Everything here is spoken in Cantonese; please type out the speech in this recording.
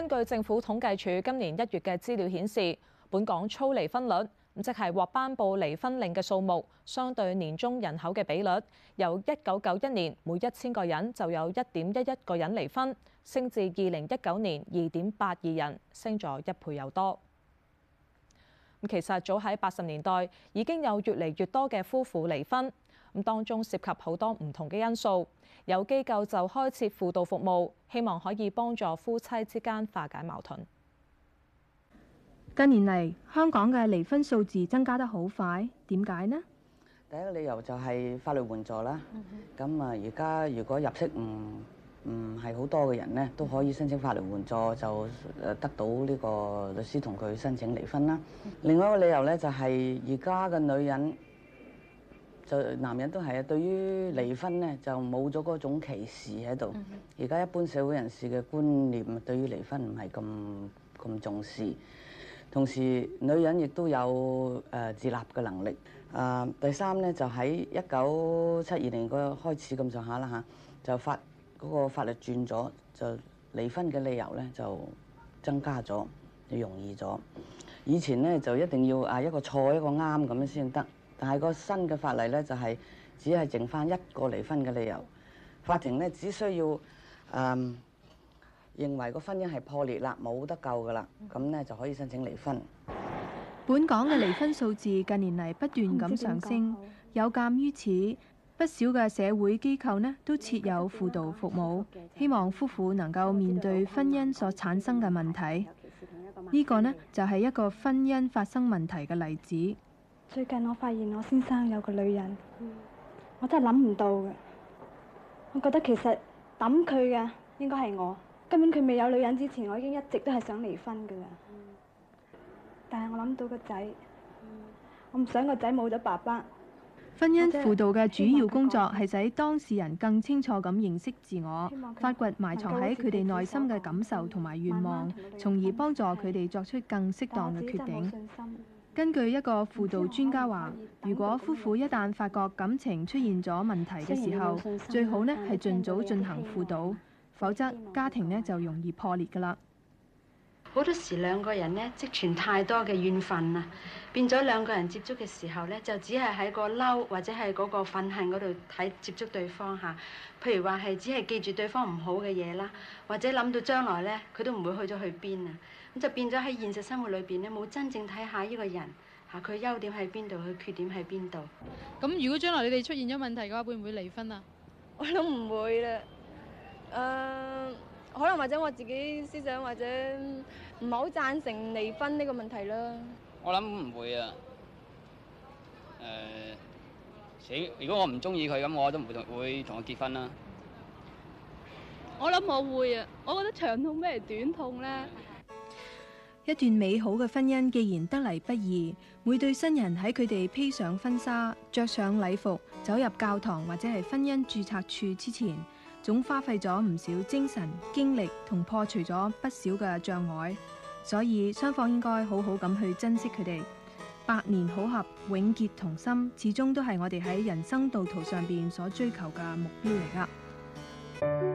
根據政府統計處今年一月嘅資料顯示，本港粗離婚率，即係獲頒布離婚令嘅數目，相對年中人口嘅比率，由一九九一年每一千個人就有一點一一個人離婚，升至二零一九年二點八二人，升咗一倍又多。其實早喺八十年代已經有越嚟越多嘅夫婦離婚。當中涉及好多唔同嘅因素，有機構就開設輔導服務，希望可以幫助夫妻之間化解矛盾。近年嚟，香港嘅離婚數字增加得好快，點解呢？第一個理由就係法律援助啦。咁啊，而家如果入息唔唔係好多嘅人咧，都可以申請法律援助，就誒得到呢個律師同佢申請離婚啦。Okay. 另外一個理由咧，就係而家嘅女人。就男人都係啊，對於離婚咧就冇咗嗰種歧視喺度。而家、嗯、哼一般社會人士嘅觀念對於離婚唔係咁咁重視。同時，女人亦都有誒、呃、自立嘅能力。誒、呃、第三咧就喺一九七二年個開始咁上下啦嚇，就法嗰個法律轉咗，就離婚嘅理由咧就增加咗，就容易咗。以前咧就一定要啊一個錯一個啱咁樣先得。但係個新嘅法例咧，就係只係剩翻一個離婚嘅理由，法庭呢，只需要嗯，認為個婚姻係破裂啦，冇得救噶啦，咁呢就可以申請離婚。本港嘅離婚數字近年嚟不斷咁上升，有鑑於此，不少嘅社會機構呢都設有輔導服務，希望夫婦能夠面對婚姻所產生嘅問題。呢個呢，就係一個婚姻發生問題嘅例子。最近我發現我先生有個女人，我真係諗唔到嘅。我覺得其實揼佢嘅應該係我，根本佢未有女人之前，我已經一直都係想離婚㗎喇。嗯、但係我諗到個仔，嗯、我唔想個仔冇咗爸爸。婚姻輔導嘅主要工作係使當事人更清楚咁認識自我，我發掘埋藏喺佢哋內心嘅感受同埋願望，慢慢從而幫助佢哋作出更適當嘅決定。根據一個輔導專家話，如果夫婦一旦發覺感情出現咗問題嘅時候，最好呢係儘早進行輔導，否則家庭呢就容易破裂㗎喇。好多時兩個人咧積存太多嘅怨憤啦，變咗兩個人接觸嘅時候咧，就只係喺個嬲或者係嗰個憤恨嗰度睇接觸對方吓，譬如話係只係記住對方唔好嘅嘢啦，或者諗到將來咧，佢都唔會去咗去邊啊。咁就變咗喺現實生活裏邊咧，冇真正睇下呢個人嚇佢優點喺邊度，佢缺點喺邊度。咁如果將來你哋出現咗問題嘅話，會唔會離婚啊？我諗唔會啦。誒、uh。可能或者我自己思想或者唔係好贊成離婚呢個問題咯。我諗唔會啊。誒、呃，死！如果我唔中意佢咁，我都唔會同會同佢結婚啦、啊。我諗我會啊！我覺得長痛咩短痛咧。一段美好嘅婚姻既然得嚟不易，每對新人喺佢哋披上婚紗、着上禮服、走入教堂或者係婚姻註冊處之前，總花費咗唔少精神、精力同破除咗不少嘅障礙，所以雙方應該好好咁去珍惜佢哋。百年好合、永結同心，始終都係我哋喺人生道途上邊所追求嘅目標嚟㗎。